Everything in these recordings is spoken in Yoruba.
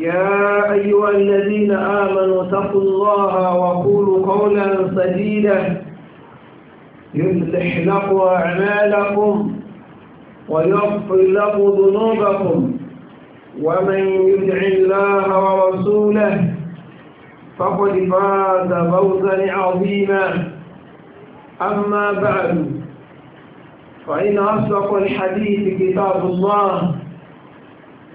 يا أيها الذين آمنوا اتقوا الله وقولوا قولا سديدا يصلح لكم أعمالكم ويغفر لكم ذنوبكم ومن يدع الله ورسوله فقد فاز فوزا عظيما أما بعد فإن أصدق الحديث كتاب الله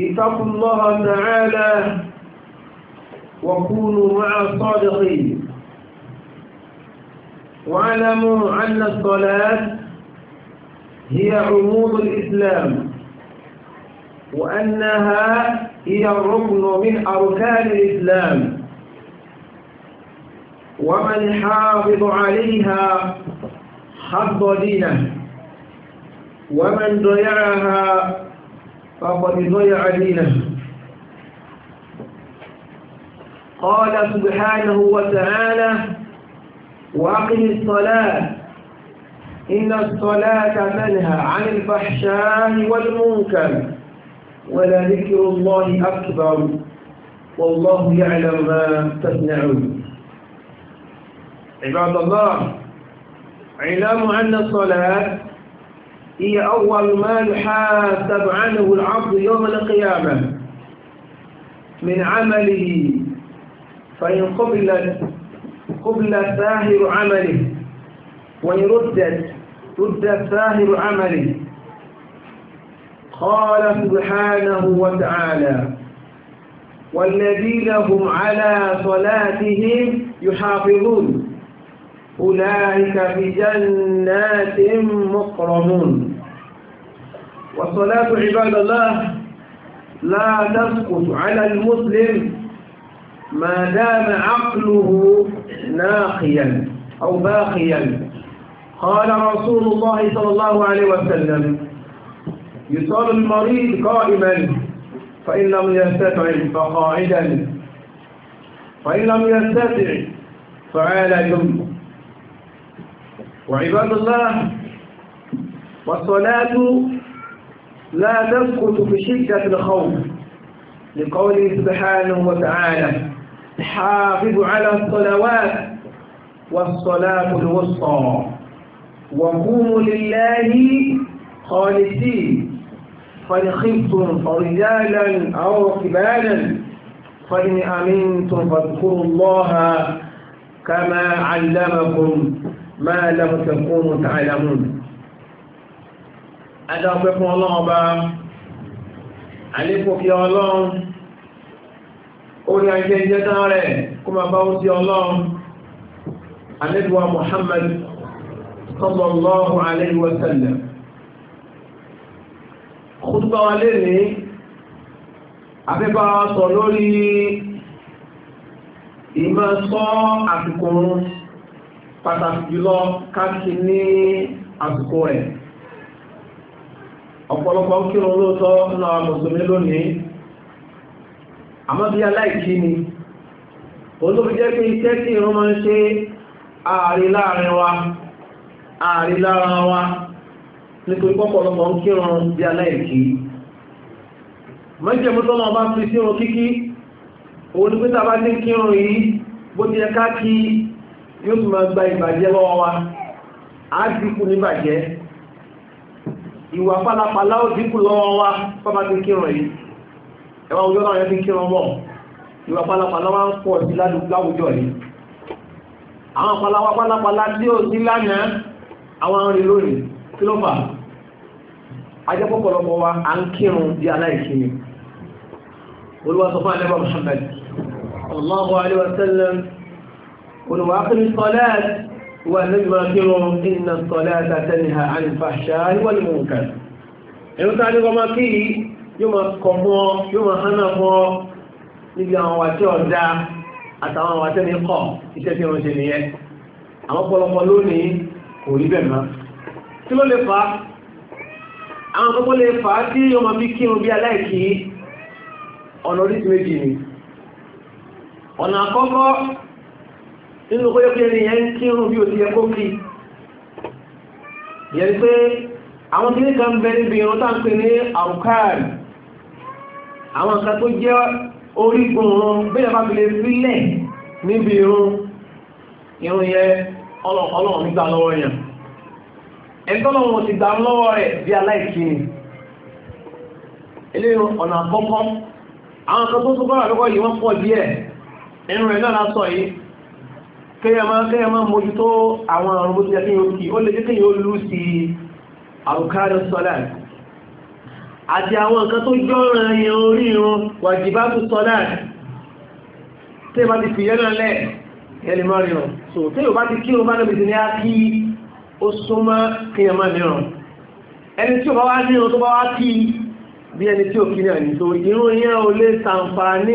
اتقوا الله تعالى وكونوا مع الصادقين واعلموا أن الصلاة هي عمود الإسلام وأنها هي الركن من أركان الإسلام ومن حافظ عليها حفظ دينه ومن ضيعها فقد ضيع دينه قال سبحانه وتعالى وأقم الصلاة إن الصلاة تنهى عن الفحشاء والمنكر ولذكر الله أكبر والله يعلم ما تصنعون عباد الله علام أن الصلاة هي أول ما يحاسب عنه العبد يوم القيامة من عمله فإن قبلت قبل ساهر عمله وإن ردت رد ساهر عمله قال سبحانه وتعالى والذين هم على صلاتهم يحافظون أولئك في جنات مكرمون والصلاة عباد الله لا تسقط على المسلم ما دام عقله ناقيا أو باقيا قال رسول الله صلى الله عليه وسلم يصلي المريض قائما فإن لم يستطع فقاعدا فإن لم يستطع فعال جم وعباد الله والصلاة لا تسقط شدة الخوف لقوله سبحانه وتعالى حافظ على الصلوات والصلاة الوسطى وقوموا لله خالصين فإن خفتم فرجالا أو ركبانا فإن أمنتم فاذكروا الله كما علمكم ما لم تكونوا تعلمون adá ọpẹ́ fún ọlọ́run ọba àlékò kí ọlọ́run orí ajé ìjẹ́ tán rẹ̀ kó máa bá ó sí ọlọ́run àlébùwà Muhammad sallallahu alayhi wa sallam kútùbà wa lè ní afẹ́bá sọ lórí ìmọ̀ sọ àsìkò pàtàkì jùlọ káàkiri ní àsìkò rẹ̀ ọ̀pọ̀lọpọ̀ kírun lóòótọ́ náà mùsùlùmí lónìí àmọ́ bí aláìkí ni olóbi jẹ́ pé iṣẹ́ tí ìrún máa ń ṣe ààrí láàrin wa ààrí wa nítorí pọ́pọ̀lọpọ̀ ń kírun bí aláìkí mọ́jẹ̀mú tọ́nà ọba fi sírun kíkí òun ni pé tàbá ní kírun yìí bó ti yẹ ká kí yóò tún ìwà pálapàlá ó dínkù lọ́wọ́ wá pápá ti kírun yìí ẹwà òjò náà yẹn ti kírun bọ̀ ìwà pálapàlá wá ń pọ̀ sí láwùjọ yìí àwọn pálapàlá pálapàlá tí ó sí lánàá àwọn arìn lónìí kí ló fà ajẹ́pọ̀pọ̀lọpọ̀ wa à ń kírun di aláìkíni olúwa sọ fún alẹ́bà Muhammad sallallahu alaihi wa sallam olùwà ápẹ́ni sọlẹ́ẹ̀tì wà lẹ́yìn máa kí wọn iná sọ̀lẹ́ àtàtẹ́ni ha àìfàṣà wọ́n ni mo ń kàn. ẹ̀rù tá a ní kọ́ máa kí yìí yóò máa kọ̀ fún ọ yóò máa hánà fún ọ níbi àwọn wàtí ọ̀dá àtàwọn àwọn àtẹ́ni kọ̀ iṣẹ́ tí wọ́n ṣe nìyẹn. àwọn pọ̀lọpọ̀ lónìí kò rí bẹ́ẹ̀ mọ́. kí ló lè fà àwọn akọ́kọ́ lè fà á yóò máa fi kírun bí aláìkí ọ̀nà oríṣi ọ̀nà àkọ́kọ́ nínú kó yẹ kí ẹni yẹn ń kírun bí ó ti yẹ kó kí yẹ pé àwọn kìíní kan bẹ níbi irun tá ń pè ní àrùkáàrì àwọn nǹkan tó jẹ́ orígun irun bí ẹ fi lè sílẹ̀ níbi irun irun yẹn ọlọ́run nígbà lọ́wọ́ yẹn ti lọ́wọ́ rẹ̀ bí ọ̀nà àkọ́kọ́ àwọn kan tó tó kéyàmá mójútó àwọn àrùn bó ti jẹ́ kéyàn kí ó lè jẹ́ kéyàn ó lú sí àrùkárẹ̀ sọ́lá àti àwọn nǹkan tó jọ́ràn yẹn orí irun wàjìbátù sọ́lá tí ìbá ti fìyẹ́ náà lẹ̀ ẹlẹ́mọ́ so tí ìbá ti kí ìbá níbi ní á kí ó súnmọ́ kéyàmá níran so ìrún yẹn ò lè sàǹfà ní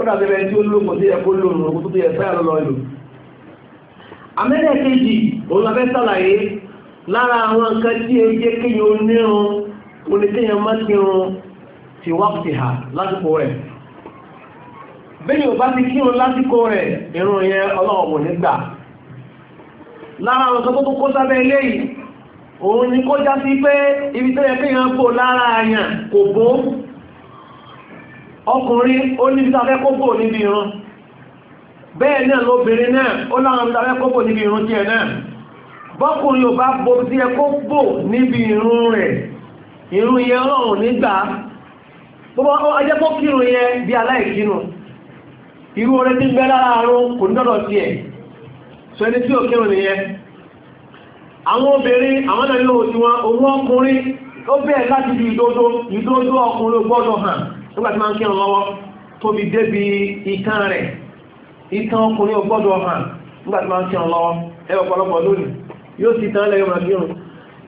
ó dàbí ẹni tí ó lóògùn tí ẹkọ́ lóòrùn ogun tó ti ẹ̀fẹ́ ìlú amẹ́rẹ́ kejì òun la fẹ́ sàlàyé lára àwọn nǹkan tí ó jẹ́ onírun má ti wá ti hà lásìkò rẹ̀ bẹ́ẹ̀ bá ti kírun lásìkò rẹ̀ irun nígbà lára àwọn tó tó kó sábẹ́ òun ni kó já sí pé ibi tó ọkùnrin ó níbi tàbẹ́ kókò níbi irun bẹ́ẹ̀ náà lóbìnrin náà ó láwọn tàbẹ́ kókò níbi irun tí ẹ náà bọ́kùnrin ò bá bó tí ẹ níbi irun rẹ̀ irun yẹn nígbà gbogbo kó kírun bí aláìkínu irú orí tí lára àrùn kò ní dọ́dọ̀ sọ ẹni tí ò kírun nìyẹn àwọn obìnrin àwọn náà òun ọkùnrin ó nígbàtí máa ń tobi lọ́wọ́ tóbi débi itan rẹ̀ itan ọkùnrin ò gbọ́dọ̀ nígbàtí máa ń kírun lọ́wọ́ ẹ ọ̀pọ̀lọpọ̀ lónìí yóò ti tan lẹ́yìn ọ̀rọ̀ kírun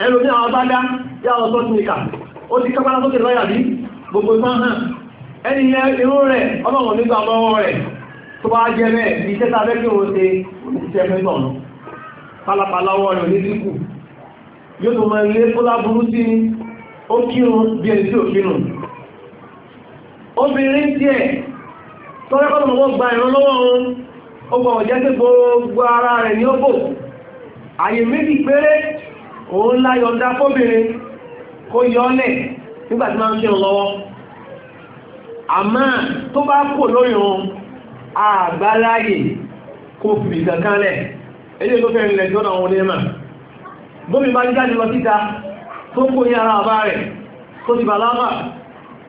ẹnu ní àwọn bá dá lọ sọ́tún ìkà ó ti kápá lọ́yà bí gbogbo ìfọ́n hàn ẹni yẹ irú rẹ̀ ọlọ́run nígbà lọ́wọ́ rẹ̀ tó bá iṣẹ́ kí ṣe fẹ́ gbọ̀nà rẹ̀ ní yóò tó obìnrin díẹ̀ tọ́lẹ́kọ́lù mọ́ gba ìrànlọ́wọ́ ohun ó ọ̀jẹ́ tí gbogbo ara rẹ̀ ní ọgbò àyè méjì péré òun láyọ̀ndá fóbìnrin kó yọ́lẹ̀ nígbàtí máa ń ṣe lọ́wọ́ àmá tó bá kò lórí wọn àgbáláyè kó fi tó fẹ́rin lẹ̀ jọ́nà lẹ́mà jáde lọ síta tó ní ara àbá rẹ̀ tó ti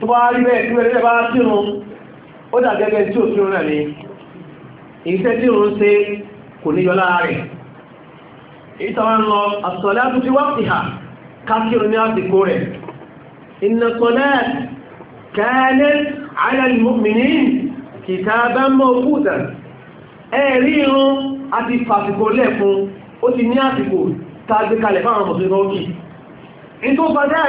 tó bá rí bẹ́ẹ̀ tí wẹ́rẹ́ bá sírun ó dà gẹ́gẹ́ tí ò sírun náà ni ìṣẹ́ tí òun ṣe kò ní yọlá rẹ̀ èyí tó wọ́n lọ àsọ̀lẹ́ àtúntí wá sí ha kákírun ní àsìkò rẹ̀ inna salat kanat ala al-mu'minin kitaban mawquta ẹ̀rí irun àti fàsìkò lẹ́ẹ̀kún ó ti ní àsìkò tá kalẹ̀ fáwọn mùsùlùmí tó bá dáa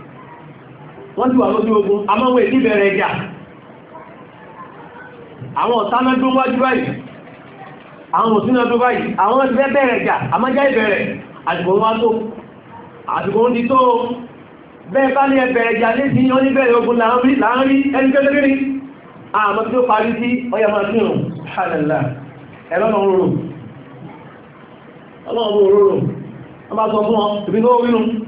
wọ́n ti wà lójú ogun amáwọ̀ èdè bẹ̀rẹ̀ ẹjà àwọn ọ̀tá náà tó wájú báyìí àwọn òsínà tó báyìí àwọn ẹgbẹ́ bẹ̀rẹ̀ ẹjà amájá ìbẹ̀rẹ̀ àsìkò wọn tó àsìkò wọn ti tó bẹ́ẹ̀ bá ní ẹbẹ̀rẹ̀ ẹjà ní ti yán níbẹ̀rẹ̀ ogun láàárín ẹnikẹ́lẹ́rí àmọ́ tí ó parí sí ọya máa fi hàn ṣàlẹ̀lá ẹ̀rọ́nà òróró ọlọ́run òróró wọ́n bá sọ fún ọ ìbí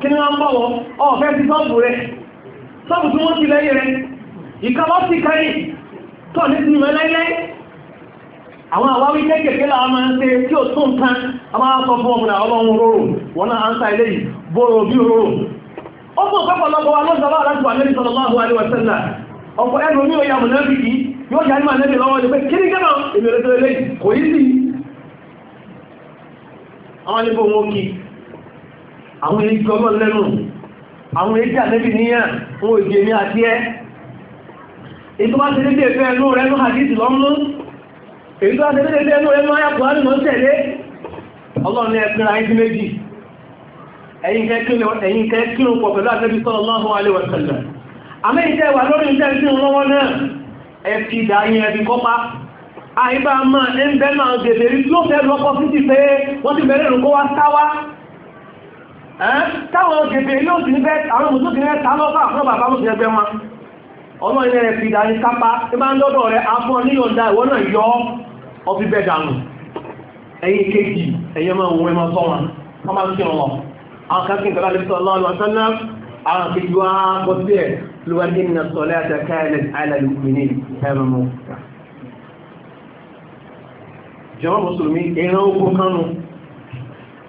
kí ni wọ́n bọ̀wọ̀ ọ̀fẹ́ ti sọ́ọ̀bù rẹ̀ sọ́ọ̀bù tí wọ́n ti lẹ́yìn rẹ̀ ìkọwọ́ sí kẹ́yìn tọ́ ní ti mẹ́ láíláí àwọn àwáwí kéèkéé láwọn máa ń ṣe tí ó tún tán a máa sọ fún ọmọdé ọlọ́run rọrùn wọ́n náà ń sa ilé yìí bóòrò bí rọrùn ó fún ọ̀pọ̀lọpọ̀ wa lọ́sọ̀rọ̀ láti wà lórí sallallahu alaihi wasallam ọ̀pọ̀ ẹnu ní òyà mọ̀lẹ́bí yìí yóò jẹ́ ànímà lẹ́bí lọ́wọ́ ni pé kí ní gẹ́nà èmì rẹ̀ tẹ́lẹ̀ kò yí sí àwọn níbo wọn kí àwọn èyí jọ lọ lẹ́nu àwọn èyí jà lẹ́bì níyàn wọn ò jẹ́ ní àti ẹ́ èyí tó bá ti dédé ẹ̀fẹ́ ẹnu rẹ̀ ní àdíjì lọ́mú èyí tó bá ti dédé ẹnu rẹ̀ ní ayàpọ̀ àrùn tẹ̀lé ọlọ́run ní ẹ̀pìnra ẹ̀dí méjì ẹ̀yìn kẹ́ kírun pọ̀ pẹ̀lú àtẹ́bí sallallahu alaihi wa sallam àmì ìtẹ́ wà lórí ìtẹ́ sí lọ́wọ́ náà ẹ̀fì ìdáyìn ẹ̀bí kọ́pá àìbá máa ń bẹ́ máa gèdè rí tí ó fẹ́ lọ́pọ̀ sí ti fẹ́ wọ́n ti bẹ̀rẹ̀ rùn kó wá sáwá káwọn gẹ̀gẹ̀ ilé òsì níbẹ̀ àwọn mùsùlùmí rẹ̀ ta lọ́fà fún bàbá mú ẹgbẹ́ wọn ọmọ ilẹ̀ rẹ̀ fìdá ní kápá tí bá ń lọ́dọ̀ rẹ̀ afọ́ níyọ̀ndà ìwọ náà yọ ọbí bẹ́ dànù ẹ̀yìn kejì ẹ̀yẹ máa wọ́n ẹmọ sọ wọn wọ́n máa ń kí wọn àwọn kan kí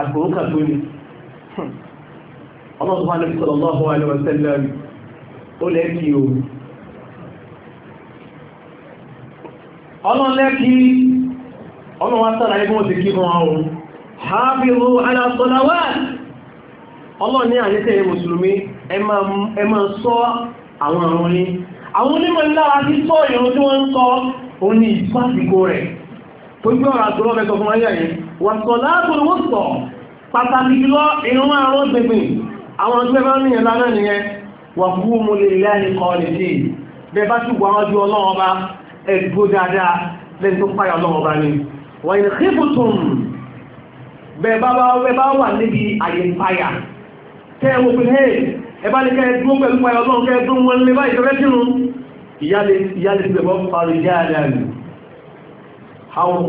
àgbòrò kan tó ní ọlọ́sùn sallallahu alaihi wasallam ó lẹ́kì o ọlọ́n lẹ́kì ọlọ́n wá sára ẹgbẹ́ òsì kí hafizu ala salawat ẹ sọ àwọn àwọn ní àwọn onímọ̀ lára tí sọ ìrun tí wọ́n ń sọ òun wàsọ̀lá àtòlùwòsọ̀ pàtàkì jùlọ ìrún àrùn gbègbè àwọn ọdún ẹgbẹ́ ní ẹ̀lá náà nìyẹn wà fún mú lè lẹ́yìn kọ́ lè dì bẹ́ẹ̀ bá ti wà wájú ọlọ́wọ́ bá ẹ̀dúgbò dáadáa lẹ́yìn tó páyà ọlọ́wọ́ bá ní wà ní kíbùtùm bẹ́ẹ̀ bá wà àwọn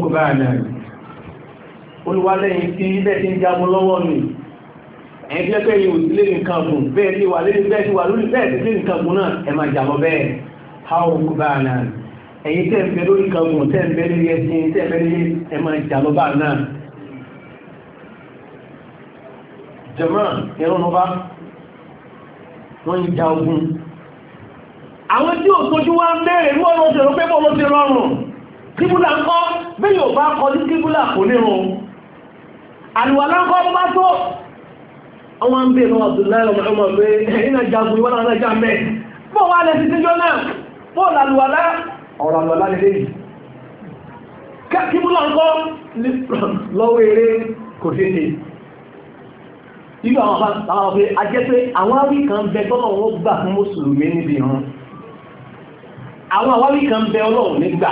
kò náà olúwalẹ́yìn tí bẹ́ẹ̀ tí ń jagun lọ́wọ́ ni ẹ̀yìn tí lẹ́pẹ́ yìí òsílé nǹkan gùn bẹ́ẹ̀ tí wà lórí bẹ́ẹ̀ tí wà lórí bẹ́ẹ̀ tí lé nǹkan gùn náà ẹ jàmọ́ bẹ́ẹ̀ how bad na ẹ̀yìn tẹ́ ń bẹ lórí nǹkan gùn tẹ́ ń bẹ lórí ẹṣin tẹ́ ń bẹ lórí ẹ máa jàmọ́ bá náà jẹ̀mọ́ ẹ̀rùn ọba wọ́n ń ja ogun àwọn tí ò tójú wá ń bẹ̀rẹ̀ mú ọlọ́sẹ̀ rọ pé bọ́ọ̀lọ́sẹ̀ rọrùn kíbúlà ń kọ́ bẹ́ẹ̀ yóò bá kọjú kíbúlà kò ní rùn àlùwàlá kọ́ bá tó ọmọ ń bèèrè Abdullahi ọmọ pé iná jagun ìwọ́n náà já mẹ́ bó wà lẹ́sí síjọ́ náà bó làlùwàlá ọ̀rọ̀ àlùwàlá lè kíbùlọ̀ ń kọ́ lọ́wọ́ eré kò sí ní ìgbà àwọn àwọn ọ̀fẹ́ ajẹ́ pé àwọn awí kan bẹ tọ́lọ̀ wọn gbà fún mùsùlùmí níbi hàn àwọn awí kan bẹ ọlọ́run nígbà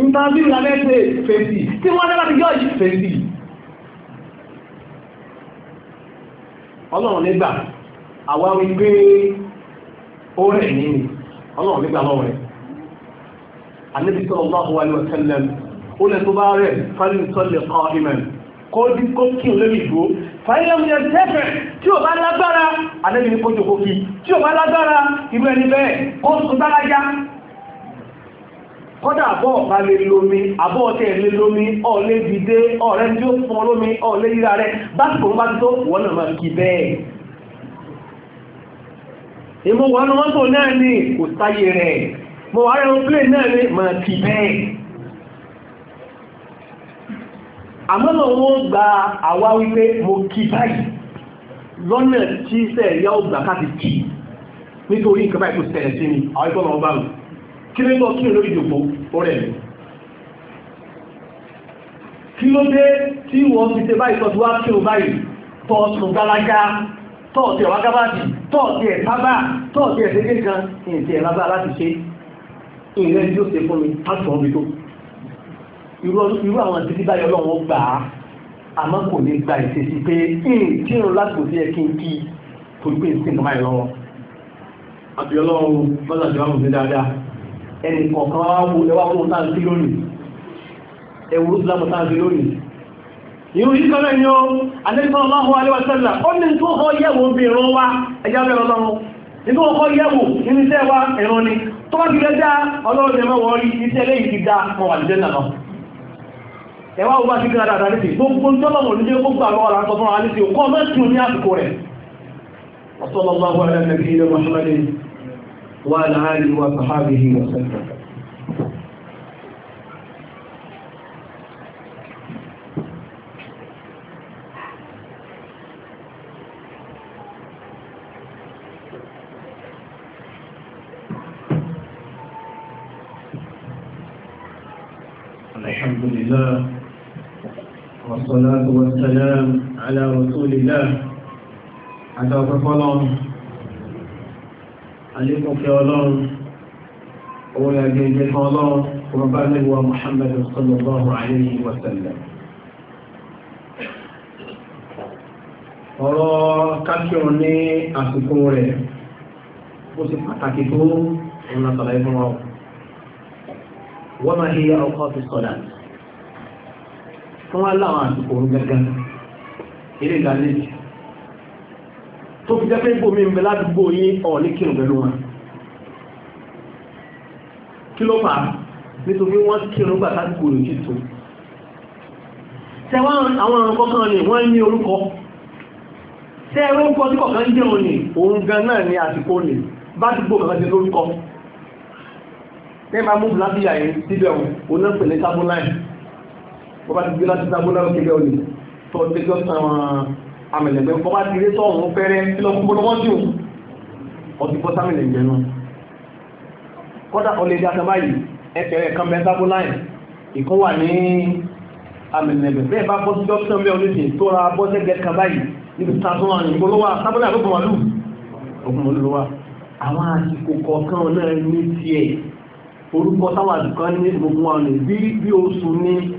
interview la mẹ́sẹ̀ fèsì tí wọ́n dẹ́ láti yọ́ọ̀jì fèsì ọlọ́run nígbà àwa wí pé ó rẹ̀ ní ni ọlọ́run nígbà lọ́wọ́ rẹ̀ Ànábì sallallahu alaihi wa sallam ó lẹ́ tó bá rẹ̀ falyusalli qa'iman kó dín kó kí n lórí ìgbó fàílẹ̀mù yẹn tẹ́fẹ̀ tí ò bá lágbára Ànábì ní kó jòkó fi tí ò bá lágbára ìlú ẹni bẹ́ẹ̀ kó sùn dára já kọ́dà àbọ̀ ọ̀pá lè lómi àbọ̀ ọ̀tẹ̀ lè lómi ọ̀lẹ́ dìde ọ̀rẹ́ tí ó fún olómi ọ̀lẹ́ yíra rẹ̀ básìkò ń bá ti tó wọ́n náà máa kí bẹ́ẹ̀ ìmú wọn ní mọ́tò náà ní kò sáyé rẹ̀ mo wà rẹ̀ ń plé náà ní máa kí bẹ́ẹ̀ àmọ́nà wọn gba àwa wípé mo kí báyìí lọ́nà tí sẹ́ẹ̀ yá ó gbà káàkiri nítorí nǹkan báyìí kò ṣẹlẹ̀ sí ni àwọn ìfọ́nà ọba rẹ̀ kí ló lọ kí olórí ìdòkó orẹ̀ mi kí ló dé tí wọ́n ti ṣe báyìí tọ́tù wá kí o báyìí tọ́ọ̀tù gbalaga tọ́ọ̀tì ẹ̀wà gábàtì tọ́ọ̀tì ẹ̀sábà tọ́ọ̀tì ẹ̀sẹ́gẹ́ kan ìrìntì ẹ̀lábà láti ṣe ìrìn tí ó ṣe fún mi pásítọ̀ mi tó irú àwọn títí báyọ̀ lọ́wọ́ gbà á àmọ́ kò ní gba ìṣesí pé ìrìntì ìrìn láti kò sí ẹ kí n kí torí pé ìsìn kàmáyé lọ́wọ́ àbíọ́lọ́run bọ́sà jọ́ àmùsí dáadáa ẹni kọ̀ọ̀kan wá wo ẹwà fún táà sí lónìí ẹwù ìsìlámù táà sí lónìí irú yìí kọ́lẹ̀ ni ó alẹ́sọ́lọ́wọ́ alẹ́wàsẹ́lá ó ní tó kọ́ yẹ̀wò bí ìran wá ẹjá bẹ̀rẹ̀ lọ́wọ́ nínú ọkọ̀ yẹ̀wò nínú iṣẹ́ wa ẹ̀rọ ni tó bá ti lẹ́ dá ọlọ́run ẹ̀mọ́ wọ́n rí iṣẹ́ lẹ́yìn وعلى آله وصحابه وسلم الحمد لله والصلاة والسلام على رسول الله على رسول àlékúnfẹ́ ọlọ́run owó ẹgbẹ́ ìjẹ́ kan ọlọ́run ọmọ bá lẹ́wọ́ Muhammad sallallahu alayhi wa sallam ọ̀rọ̀ kákíọ̀ ní àsìkò rẹ̀ ó sì pàtàkì tó ọ̀nà sọ̀rọ̀ ẹ̀fọn wa wọ́n máa ṣe ọkọ̀ ti sọ̀dà fún wa àsìkò gẹ́gẹ́ ilé ìdánilẹ́yìn tó fi jẹ́ pé gbò mí ń bẹ ládùúgbò yín ọ̀ ní kírun pẹ̀lú wọn kí ló fà á nítorí wọ́n kírun gbà sásìkò rẹ̀ ti tó tẹwọn àwọn ọ̀rọ̀kọ́ kan ní wọ́n ní orúkọ tẹ́ orúkọ tí kọ̀kan jẹ́ òní òun gan náà ní àsìkò ní bá dùgbò kan ti lórúkọ tẹ́bà mú lábíyà yìí síbẹ̀ òun pẹ̀lẹ́ sábúláì bọ́bá ti gbé láti sábúláì amẹ̀lẹ̀gbẹ́ bọ́ bá ti rí sọ́ọ̀rún fẹ́rẹ́ tí lọ fún bọ́dọ́ wọ́n jù ọ ti bọ́ sámẹ̀lẹ̀gbẹ́ náà kọ́dà ọlẹ́ dí aṣọ báyìí ẹ̀kẹ̀rẹ̀ kan bẹ sábó láì ìkan wà ní amẹ̀lẹ̀gbẹ́ bẹ́ẹ̀ bá bọ́ sí dókítà mẹ́ olóṣèlú tó ra bọ́ sẹ́gbẹ́ kan báyìí níbi sàtúnwà ní ìgbólówà sábọ́lá àgbẹ̀kùn màlúù ogun olúwa àwọn àsìkò kọ̀ọ̀kan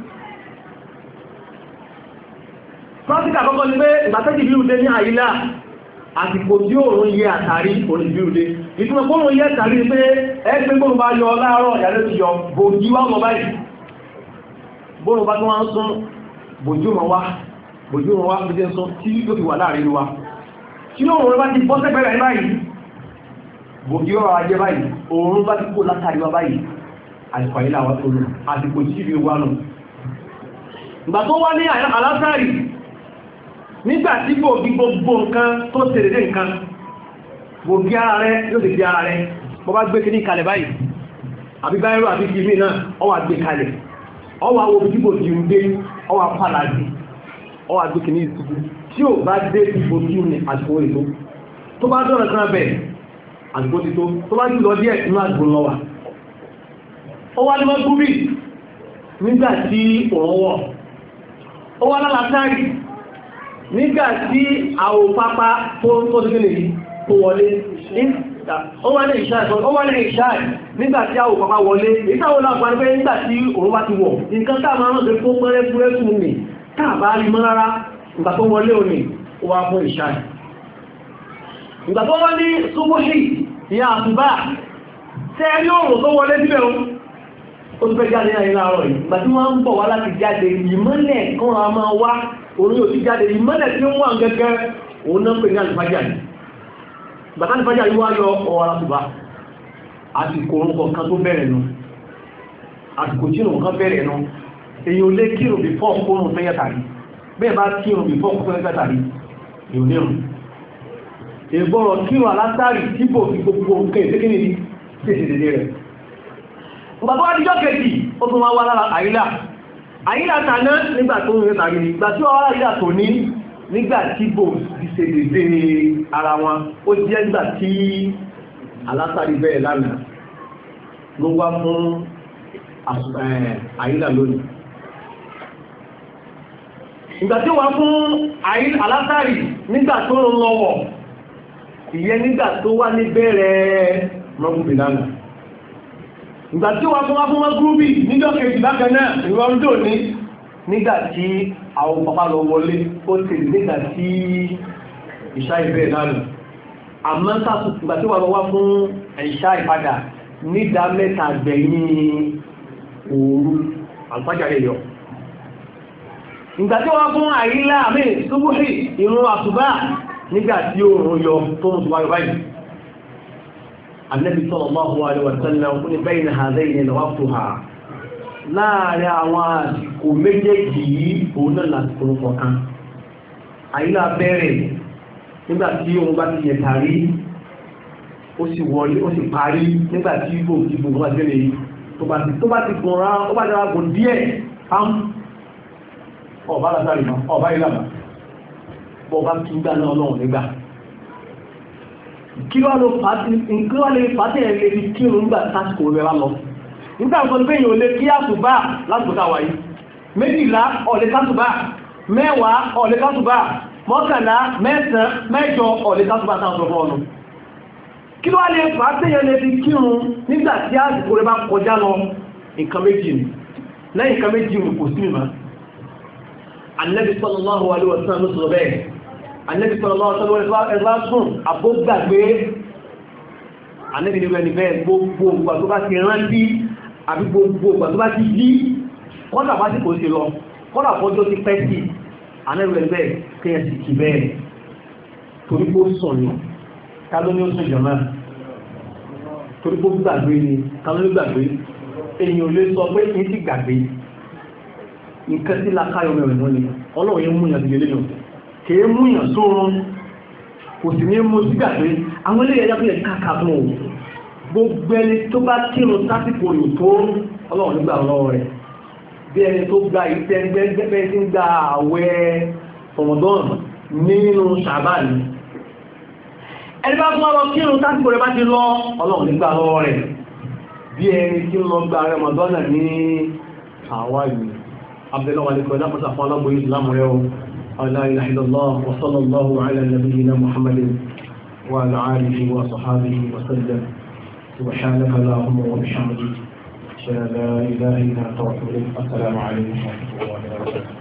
practical akọkọ ni pé ìgbàtẹ́jì bí òde ní àìlà àsìkò tí òòrùn yẹ àtàrí òní bí òde ìtumọ̀ pé òòrùn yẹ àtàrí pé ẹgbẹ́ bá yọ láàárọ̀ ìyàlẹ́ yọ bòjí wá mọ̀ báyìí bóòrùn bá tí wọ́n sún bòjú mọ̀ wá bòjú mọ̀ wá nígbàtí gbòógì gbogbo nǹkan tó tèrè dé nǹkan gbòógì ara rẹ yóò sì di ara rẹ bọ́ bá gbé kí ní kalẹ̀ báyìí àbí báyìí àbí kí mí náà ọwà gbé kalẹ̀ ọwà wo bí gbòógì ń dé ọwà pàlàdì ọwà gbé kí ní ìsìnkú tí ò bá dé gbòógì ní àsìkò ètò tó bá dọ̀rọ̀ kan bẹ̀ àsìkò ti tó tó bá jùlọ díẹ̀ inú àgbò lọ ọwà ni wọ́n gúbì nígbàtí òun wọ̀ ọwà lálàtàrí nígbà tí àwò pápá tó tókílè tó wọlé ó wá ní ìṣáà nígbà tí àwò pápá wọlé ìtàwò lápàá pé nígbà tí òun bá ti wọ̀ nǹkan tá máa rán tó pẹ́rẹ́ púrẹ́ fún mi káàbá rí mọ́ rárá ìgbà tó wọlé òní ó wá fún ìṣáà ìgbà tó wọ́n ní súnmọ́ṣì ìyá àtúbà tẹ́ ẹni òòrùn tó wọlé síbẹ̀ ó tún fẹ́ jáde náà ní láàárọ̀ yìí ìgbà tí wọ́n ń bọ̀ wá láti jáde ìmọ́lẹ̀ kan a máa wá orí ò ti jáde ìmọ́lẹ̀ tí ń wọ́n gẹ́gẹ́ òun náà pè ní àlùfájà yìí bàtà àlùfájà yìí wá yọ ọwọ́ ara tùbá àsìkò orúkọ kan tó bẹ̀rẹ̀ nu àsìkò tí òun kan bẹ̀rẹ̀ nu èyí ò lé kírun bí fọ́ kórun fẹ́yà tàbí bẹ́ẹ̀ bá kírun bí fọ́ kórun fẹ́yà tàbí yóò nírun ìgbọ́rọ̀ kírun alátàrí tí bò fi gbogbo nǹkan ìdíkìní ní tètè dédé rẹ̀ bàbá wa dijọ́ kejì ó tún wá wá lára àyílà àyílàtà náà nígbà tó ń rẹ̀tà yìí ìgbà tí ọwọ́ àyílà tó ní nígbà tí bò ti ṣe dédé ara wọn ó jẹ́ nígbà tí alásàrí bẹ́ẹ̀ lánàá ló wá fún àyílà lónìí ìgbà tí wà fún alásàrí nígbà tó ń lọ́wọ́ ìyẹn nígbà tó wá ní bẹ̀rẹ̀ mọ́gùnbì lánàá ìgbà tí wọ́n fún wá fún wọ́n gúrúbì níjọ́ kejì bákan náà ìrọ̀rùn dò ní nígbà tí àwọn bàbá lọ wọlé ó ti nígbà tí ìṣá ìbẹ̀ náà lò àmọ́ sáàtù ìgbà tí wọ́n wá fún ìṣá ìpadà nídà mẹ́ta gbẹ̀yìn òru àgbájáre yọ النبي صلى الله عليه وسلم قل بين هذين الوقتها لا àwọn àsìkò méjèèjì yìí òun náà láti orúkọ kan àyílá bẹ̀rẹ̀ nígbà tí òun bá ti yẹ̀ tàrí ó sì wọlé ó sì parí nígbà tí ibò ti bò wá sílẹ̀ yìí tó bá ti gùn rán ó bá dára gùn díẹ̀ pam ọ̀bá látàrí ọ̀bá ìlànà bọ̀ tún gbà náà lọ́wọ́ nígbà kí wá ló fàtí nǹkan wá lè fàtí ẹ̀ lè fi kí òun gbà tásìkò rẹ̀ wá lọ nígbà tó ń bẹ́yìn olè kí àsùbá lásìkò táwa yìí méjìlá ọ̀lẹ́ kásùbá mẹ́wàá ọ̀lẹ́ kásùbá mọ́kànlá mẹ́sàn mẹ́jọ ọ̀lẹ́ kásùbá táwọn ọ̀rọ̀ ọ̀nà kí wá lè fàtí ẹ̀ lè fi kírun nígbà tí àsìkò rẹ̀ bá kọjá lọ nǹkan méjì ni lẹ́yìn nǹkan méjì ni kò sí mi mọ́ anẹ́bí sọ̀rọ̀ lọ́wọ́ sọ́lọ́wọ́ ẹgbá sùn àbógbàgbé anẹ́bí ní ẹni bẹ́ẹ̀ gbogbo ìgbà tó bá ti rántí àbí gbogbo ìgbà tó bá ti yí kọ́nà bá ti kò sí lọ kọ́nà fọ́jọ́ ti pẹ́ sí anẹ́bí ẹni bẹ́ẹ̀ kẹ́yẹ sì kì bẹ́ẹ̀ torí kó sùn ni káló ní ó sùn jọ̀mọ́ torí kó gbàgbé ni káló ní gbàgbé èèyàn ò lè sọ pé kí n ti gbàgbé nǹkan sí lakáyọ̀ mẹ́rin lónìí ọlọ́run yẹn mú ìyàtọ̀ kèé múyàn sóorun kò sì ní mú sígbà pé àwọn ilé ẹ̀yà bíyẹ̀ káàkà fún òun gbogbo ẹni tó bá kírun sásìkò tó ọlọ́run nígbà lọ́wọ́ rẹ̀ bí ẹni tó gba ìtẹ́ gbẹ́gbẹ́ tí ń gba àwẹ̀ nínú ẹni bá fún ọlọ́ kírun sásìkò rẹ̀ bá ti lọ ọlọ́run nígbà lọ́wọ́ rẹ̀ bí ẹni tí ń lọ gba لا إله إلا الله وصلى الله على نبينا محمد وعلى آله وصحابه وسلم سبحانك اللهم وبحمدك أشهد أن لا إله إلا أنت السلام عليكم ورحمة الله وبركاته